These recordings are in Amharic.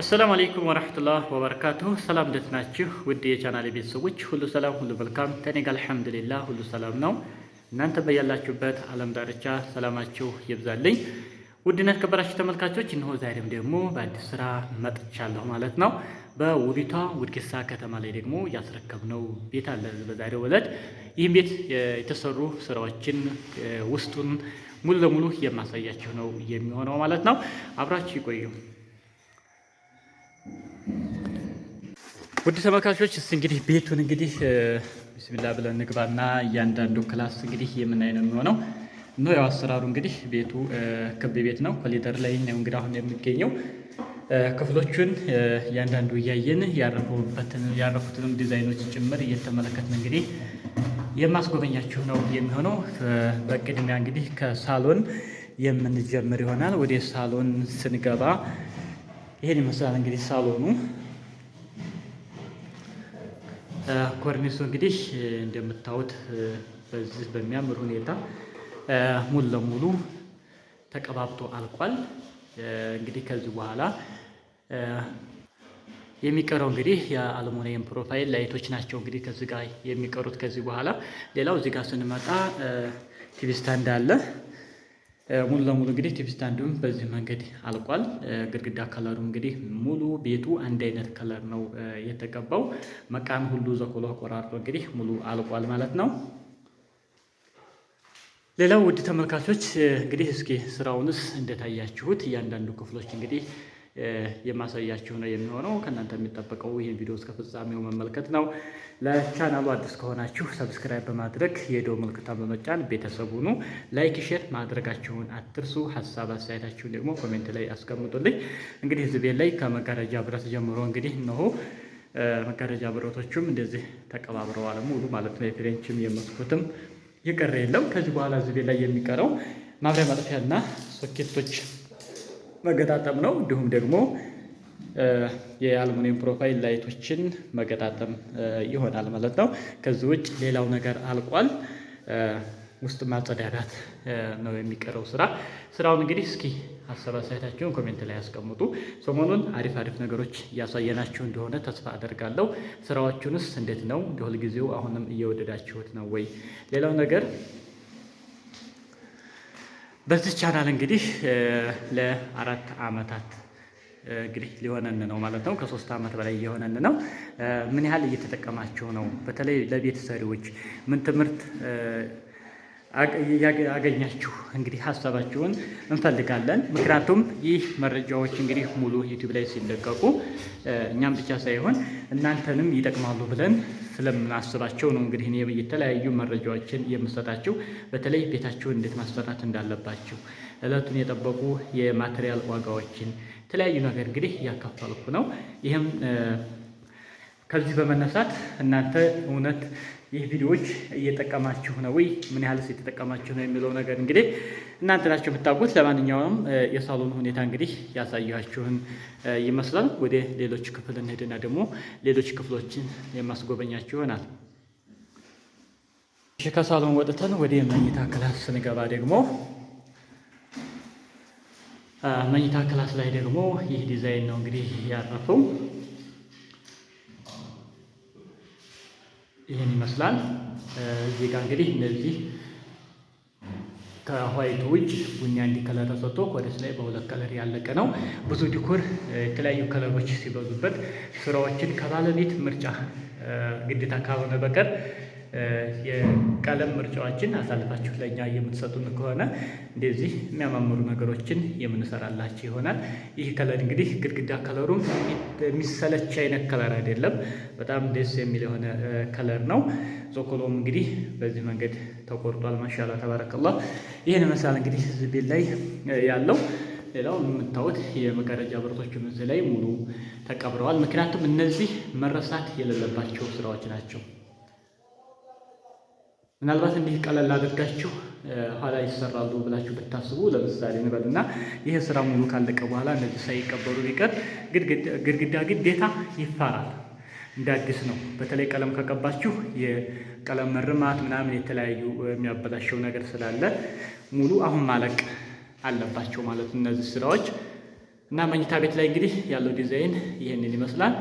አሰላሙ አለይኩም ወራህመቱላህ ወበረካቱሁ። ሰላም እንዴት ናችሁ? ውድ የቻናል ቤተሰቦች ሁሉ ሰላም፣ ሁሉ መልካም ከኔ ጋር አልሐምዱሊላህ ሁሉ ሰላም ነው። እናንተ በያላችሁበት ዓለም ዳርቻ ሰላማችሁ ይብዛልኝ። ውድነት ከበራችሁ ተመልካቾች እነሆ ዛሬም ደግሞ በአዲስ ስራ መጥቻለሁ ማለት ነው። በውቢቷ ውድጌሳ ከተማ ላይ ደግሞ ያስረከብነው ቤት አለ በዛሬው ዕለት። ይህም ቤት የተሰሩ ስራዎችን ውስጡን ሙሉ ለሙሉ የማሳያችሁ ነው የሚሆነው ማለት ነው። አብራችሁ ይቆዩ። ውድ ተመልካቾች እስ እንግዲህ ቤቱን እንግዲህ ቢስሚላ ብለን ንግባና እያንዳንዱ ክላስ እንግዲህ የምናይ ነው የሚሆነው ነው ያው አሰራሩ እንግዲህ ቤቱ ክብ ቤት ነው። ኮሊደር ላይ ነው እንግዲህ አሁን የሚገኘው ክፍሎቹን እያንዳንዱ እያየን ያረፉበትን ያረፉትንም ዲዛይኖች ጭምር እየተመለከትን እንግዲህ የማስጎበኛችሁ ነው የሚሆነው። በቅድሚያ እንግዲህ ከሳሎን የምንጀምር ይሆናል። ወደ ሳሎን ስንገባ ይሄን ይመስላል እንግዲህ ሳሎኑ ኮርኒሱ እንግዲህ እንደምታዩት በዚህ በሚያምር ሁኔታ ሙሉ ለሙሉ ተቀባብቶ አልቋል። እንግዲህ ከዚህ በኋላ የሚቀረው እንግዲህ የአልሙኒየም ፕሮፋይል ላይቶች ናቸው። እንግዲህ ከዚህ ጋር የሚቀሩት ከዚህ በኋላ ሌላው እዚህ ጋር ስንመጣ ቲቪ ስታንድ አለ። ሙሉ ለሙሉ እንግዲህ ቲፕስታንዱም በዚህ መንገድ አልቋል። ግድግዳ ከለሩ እንግዲህ ሙሉ ቤቱ አንድ አይነት ከለር ነው የተቀባው። መቃን ሁሉ ዘኮሎ አቆራርጦ እንግዲህ ሙሉ አልቋል ማለት ነው። ሌላው ውድ ተመልካቾች እንግዲህ እስኪ ስራውንስ እንደታያችሁት እያንዳንዱ ክፍሎች እንግዲህ የማሳያችሁ ነው የሚሆነው። ከእናንተ የሚጠበቀው ይህን ቪዲዮ እስከ ፍጻሜው መመልከት ነው። ለቻናሉ አዲስ ከሆናችሁ ሰብስክራይብ በማድረግ የደወል ምልክቷን በመጫን ቤተሰቡ ኑ። ላይክ፣ ሼር ማድረጋችሁን አትርሱ። ሀሳብ አስተያየታችሁን ደግሞ ኮሜንት ላይ አስቀምጡልኝ። እንግዲህ እዚህ ቤት ላይ ከመጋረጃ ብረት ጀምሮ እንግዲህ እነሆ መጋረጃ ብረቶቹም እንደዚህ ተቀባብረዋል ሙሉ ማለት ነው። የፍሬንችም የመስኮትም የቀረ የለም። ከዚህ በኋላ እዚህ ቤት ላይ የሚቀረው ማብሪያ ማጥፊያና ሶኬቶች መገጣጠም ነው። እንዲሁም ደግሞ የአልሙኒየም ፕሮፋይል ላይቶችን መገጣጠም ይሆናል ማለት ነው። ከዚህ ውጭ ሌላው ነገር አልቋል። ውስጥ ማጸዳዳት ነው የሚቀረው ስራ። ስራውን እንግዲህ እስኪ ሀሳብ አስተያየታችሁን ኮሜንት ላይ ያስቀምጡ። ሰሞኑን አሪፍ አሪፍ ነገሮች እያሳየናችሁ እንደሆነ ተስፋ አደርጋለሁ። ስራዎቹንስ እንዴት ነው? ሁልጊዜው አሁንም እየወደዳችሁት ነው ወይ? ሌላው ነገር በዚህ ቻናል እንግዲህ ለአራት ዓመታት እንግዲህ ሊሆነን ነው ማለት ነው። ከሶስት ዓመት በላይ እየሆነን ነው። ምን ያህል እየተጠቀማችሁ ነው? በተለይ ለቤት ሰሪዎች ምን ትምህርት ያገኛችሁ እንግዲህ ሀሳባችሁን እንፈልጋለን። ምክንያቱም ይህ መረጃዎች እንግዲህ ሙሉ ዩቲዩብ ላይ ሲለቀቁ እኛም ብቻ ሳይሆን እናንተንም ይጠቅማሉ ብለን ስለምናስባቸው ነው። እንግዲህ እኔ የተለያዩ መረጃዎችን የምሰጣቸው በተለይ ቤታቸው እንዴት ማሰራት እንዳለባቸው እለቱን የጠበቁ የማቴሪያል ዋጋዎችን የተለያዩ ነገር እንግዲህ እያካፈልኩ ነው። ይህም ከዚህ በመነሳት እናንተ እውነት ይህ ቪዲዮዎች እየጠቀማችሁ ነው ወይ? ምን ያህልስ የተጠቀማችሁ ነው የሚለው ነገር እንግዲህ እናንተ ናቸው የምታውቁት። ለማንኛውም የሳሎን ሁኔታ እንግዲህ ያሳያችሁን ይመስላል። ወደ ሌሎች ክፍል እንሄድና ደግሞ ሌሎች ክፍሎችን የማስጎበኛችሁ ይሆናል። እሺ፣ ከሳሎን ወጥተን ወደ መኝታ ክላስ ስንገባ ደግሞ መኝታ ክላስ ላይ ደግሞ ይህ ዲዛይን ነው እንግዲህ ያረፈው ይህን ይመስላል። እዚህ ጋር እንግዲህ እነዚህ ከዋይቱ ውጭ ቡኒ አንድ ከለር ተሰጥቶ ኮደስ ላይ በሁለት ከለር ያለቀ ነው። ብዙ ዲኮር የተለያዩ ከለሮች ሲበዙበት ስራዎችን ከባለቤት ምርጫ ግዴታ ካልሆነ በቀር የቀለም ምርጫዎችን አሳልፋችሁ ለእኛ የምትሰጡን ከሆነ እንደዚህ የሚያማምሩ ነገሮችን የምንሰራላችሁ ይሆናል። ይህ ከለር እንግዲህ ግድግዳ ከለሩም የሚሰለች አይነት ከለር አይደለም፣ በጣም ደስ የሚል የሆነ ከለር ነው። ዞኮሎም እንግዲህ በዚህ መንገድ ተቆርጧል። ማሻላ ተባረከላ። ይህን መሳል እንግዲህ እዚህ ላይ ያለው ሌላው የምታዩት የመጋረጃ ብረቶቹም እዚህ ላይ ሙሉ ተቀብረዋል። ምክንያቱም እነዚህ መረሳት የሌለባቸው ስራዎች ናቸው። ምናልባት እንዲህ ቀለል አድርጋችሁ ኋላ ይሰራሉ ብላችሁ ብታስቡ ለምሳሌ እንበልና ይህ ስራ ሙሉ ካለቀ በኋላ እነዚህ ሳይቀበሩ ቢቀር ግድግዳ ግዴታ ይፋራል። እንደ አዲስ ነው። በተለይ ቀለም ከቀባችሁ የቀለም መርማት ምናምን የተለያዩ የሚያበላሸው ነገር ስላለ ሙሉ አሁን ማለቅ አለባቸው ማለት እነዚህ ስራዎች እና መኝታ ቤት ላይ እንግዲህ ያለው ዲዛይን ይህንን ይመስላል።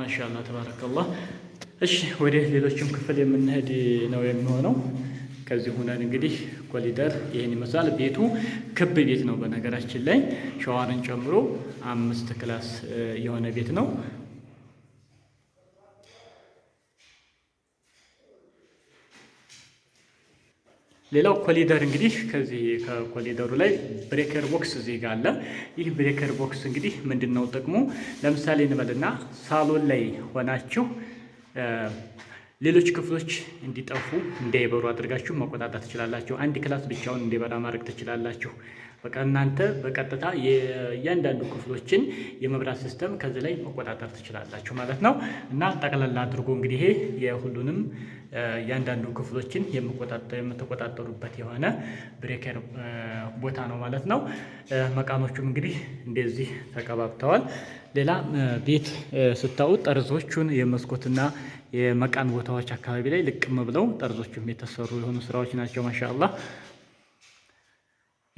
ማሻላ ተባረከላህ። እሺ ወደ ሌሎችም ክፍል የምንሄድ ነው የሚሆነው። ከዚህ ሁነን እንግዲህ ኮሊደር ይህን ይመስላል። ቤቱ ክብ ቤት ነው በነገራችን ላይ ሸዋርን ጨምሮ አምስት ክላስ የሆነ ቤት ነው። ሌላው ኮሊደር እንግዲህ ከዚህ ከኮሊደሩ ላይ ብሬከር ቦክስ እዚህ ጋር አለ። ይህ ብሬከር ቦክስ እንግዲህ ምንድን ነው ጥቅሙ? ለምሳሌ እንበልና ሳሎን ላይ ሆናችሁ ሌሎች ክፍሎች እንዲጠፉ እንዳይበሩ አድርጋችሁ መቆጣጠር ትችላላችሁ። አንድ ክላስ ብቻውን እንዲበራ ማድረግ ትችላላችሁ። በቃ እናንተ በቀጥታ የእያንዳንዱ ክፍሎችን የመብራት ሲስተም ከዚህ ላይ መቆጣጠር ትችላላችሁ ማለት ነው። እና ጠቅላላ አድርጎ እንግዲህ ይሄ የሁሉንም እያንዳንዱ ክፍሎችን የምትቆጣጠሩበት የሆነ ብሬከር ቦታ ነው ማለት ነው። መቃኖቹም እንግዲህ እንደዚህ ተቀባብተዋል። ሌላ ቤት ስታዩት ጠርዞቹን የመስኮትና የመቃን ቦታዎች አካባቢ ላይ ልቅም ብለው ጠርዞቹም የተሰሩ የሆኑ ስራዎች ናቸው። ማሻ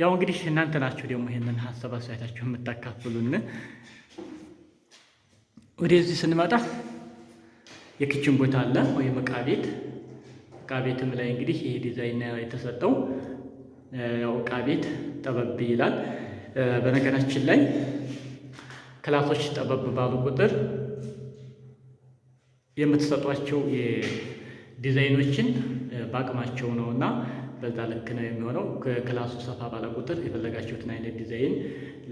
ያው እንግዲህ እናንተ ናችሁ ደግሞ ይሄንን ሀሳብ አስተያየታችሁ የምታካፍሉን። ወደዚህ ስንመጣ የክችን ቦታ አለ ወይም እቃ ቤት። እቃ ቤትም ላይ እንግዲህ ይሄ ዲዛይን የተሰጠው ያው እቃ ቤት ጠበብ ይላል። በነገራችን ላይ ክላሶች ጠበብ ባሉ ቁጥር የምትሰጧቸው ዲዛይኖችን በአቅማቸው ነው እና በዛ ልክ ነው የሚሆነው። ክላሱ ሰፋ ባለ ቁጥር የፈለጋችሁትን አይነት ዲዛይን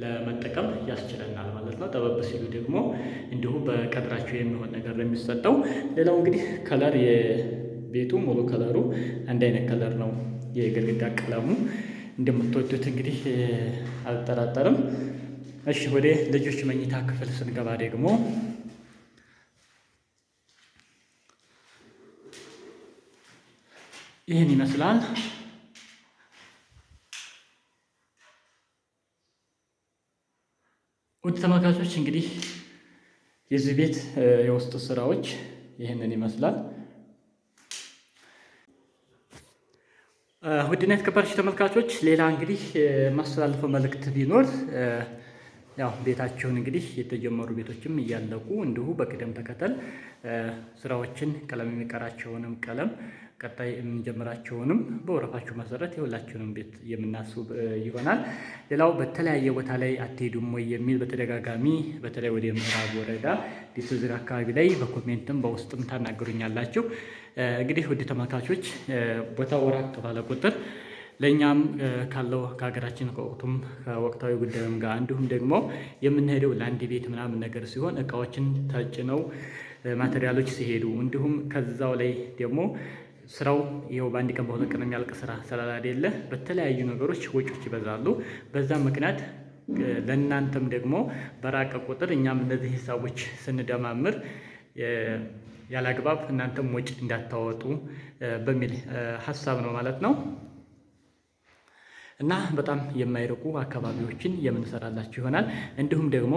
ለመጠቀም ያስችለናል ማለት ነው። ጠበብ ሲሉ ደግሞ እንዲሁም በቀድራችሁ የሚሆን ነገር ነው የሚሰጠው። ሌላው እንግዲህ ከለር የቤቱ ሙሉ ከለሩ አንድ አይነት ከለር ነው። የግድግዳ ቀለሙ እንደምትወዱት እንግዲህ አልጠራጠርም። እሺ ወደ ልጆች መኝታ ክፍል ስንገባ ደግሞ ይህን ይመስላል። ውድ ተመልካቾች እንግዲህ የዚህ ቤት የውስጥ ስራዎች ይህንን ይመስላል። ውድና የተከበራችሁ ተመልካቾች ሌላ እንግዲህ ማስተላልፈው መልእክት ቢኖር ያው ቤታቸውን እንግዲህ የተጀመሩ ቤቶችም እያለቁ እንዲሁ በቅደም ተከተል ስራዎችን ቀለም የሚቀራቸውንም ቀለም ቀጣይ የምንጀምራቸውንም በወረፋችሁ መሰረት የሁላችሁንም ቤት የምናስብ ይሆናል። ሌላው በተለያየ ቦታ ላይ አትሄዱም ወይ የሚል በተደጋጋሚ በተለይ ወደ ምዕራብ ወረዳ ዲስዝር አካባቢ ላይ በኮሜንትም በውስጥም ታናግሩኛላችሁ። እንግዲህ ውድ ተመልካቾች ቦታው ራቅ ባለ ቁጥር ለእኛም ካለው ከሀገራችን ከወቅቱም ከወቅታዊ ጉዳዩም ጋር እንዲሁም ደግሞ የምንሄደው ለአንድ ቤት ምናምን ነገር ሲሆን እቃዎችን ተጭነው ማቴሪያሎች ሲሄዱ እንዲሁም ከዛው ላይ ደግሞ ስራው ይኸው በአንድ ቀን በሁለት ቀን የሚያልቅ ስራ ስላላደለ በተለያዩ ነገሮች ወጪዎች ይበዛሉ። በዛ ምክንያት ለእናንተም ደግሞ በራቀ ቁጥር እኛም እነዚህ ሂሳቦች ስንደማምር ያለ አግባብ እናንተም ወጪ እንዳታወጡ በሚል ሀሳብ ነው ማለት ነው። እና በጣም የማይርቁ አካባቢዎችን የምንሰራላችሁ ይሆናል እንዲሁም ደግሞ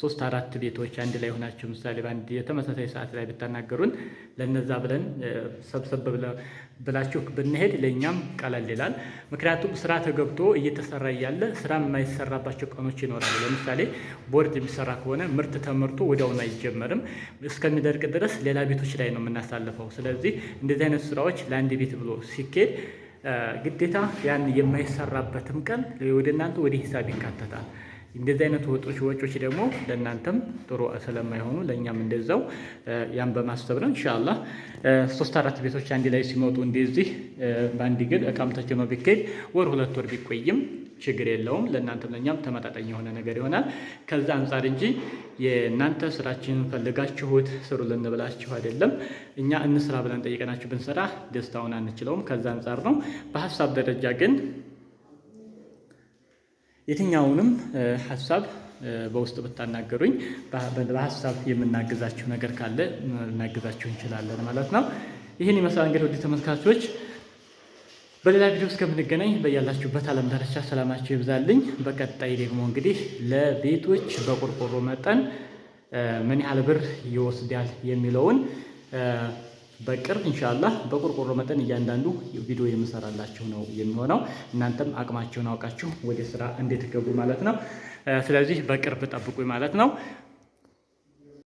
ሶስት አራት ቤቶች አንድ ላይ ሆናችሁ ምሳሌ በአንድ የተመሳሳይ ሰዓት ላይ ብታናገሩን ለነዛ ብለን ሰብሰብ ብላችሁ ብንሄድ ለእኛም ቀለል ይላል። ምክንያቱም ስራ ተገብቶ እየተሰራ እያለ ስራ የማይሰራባቸው ቀኖች ይኖራሉ። ለምሳሌ ቦርድ የሚሰራ ከሆነ ምርት ተመርቶ ወዲያውኑ አይጀመርም። እስከሚደርቅ ድረስ ሌላ ቤቶች ላይ ነው የምናሳልፈው። ስለዚህ እንደዚህ አይነት ስራዎች ለአንድ ቤት ብሎ ሲኬድ ግዴታ ያን የማይሰራበትም ቀን ወደ እናንተ ወደ ሂሳብ ይካተታል። እንደዚህ አይነት ወጦች ወጮች ደግሞ ለእናንተም ጥሩ ስለማይሆኑ ለእኛም እንደዛው ያን በማሰብ ነው። እንሻላ ሶስት አራት ቤቶች አንድ ላይ ሲመጡ እንደዚህ በአንድ ግን እቃም ተጭኖ ቢካሄድ ወር ሁለት ወር ቢቆይም ችግር የለውም። ለእናንተም ለእኛም ተመጣጣኝ የሆነ ነገር ይሆናል። ከዛ አንጻር እንጂ የእናንተ ስራችን ፈልጋችሁት ስሩ ልንብላችሁ አይደለም። እኛ እንስራ ብለን ጠይቀናችሁ ብንሰራ ደስታውን አንችለውም። ከዛ አንጻር ነው። በሀሳብ ደረጃ ግን የትኛውንም ሀሳብ በውስጥ ብታናገሩኝ በሀሳብ የምናግዛችሁ ነገር ካለ ልናግዛችሁ እንችላለን ማለት ነው። ይህን ይመስላል እንግዲህ ውድ ተመልካቾች፣ በሌላ ቪዲዮ እስከምንገናኝ በያላችሁበት ዓለም ዳርቻ ሰላማችሁ ይብዛልኝ። በቀጣይ ደግሞ እንግዲህ ለቤቶች በቆርቆሮ መጠን ምን ያህል ብር ይወስዳል የሚለውን በቅርብ ኢንሻአላህ በቁርቆሮ መጠን እያንዳንዱ ቪዲዮ የምሰራላችሁ ነው የሚሆነው። እናንተም አቅማችሁን አውቃችሁ ወደ ስራ እንድትገቡ ማለት ነው። ስለዚህ በቅርብ ጠብቁ ማለት ነው።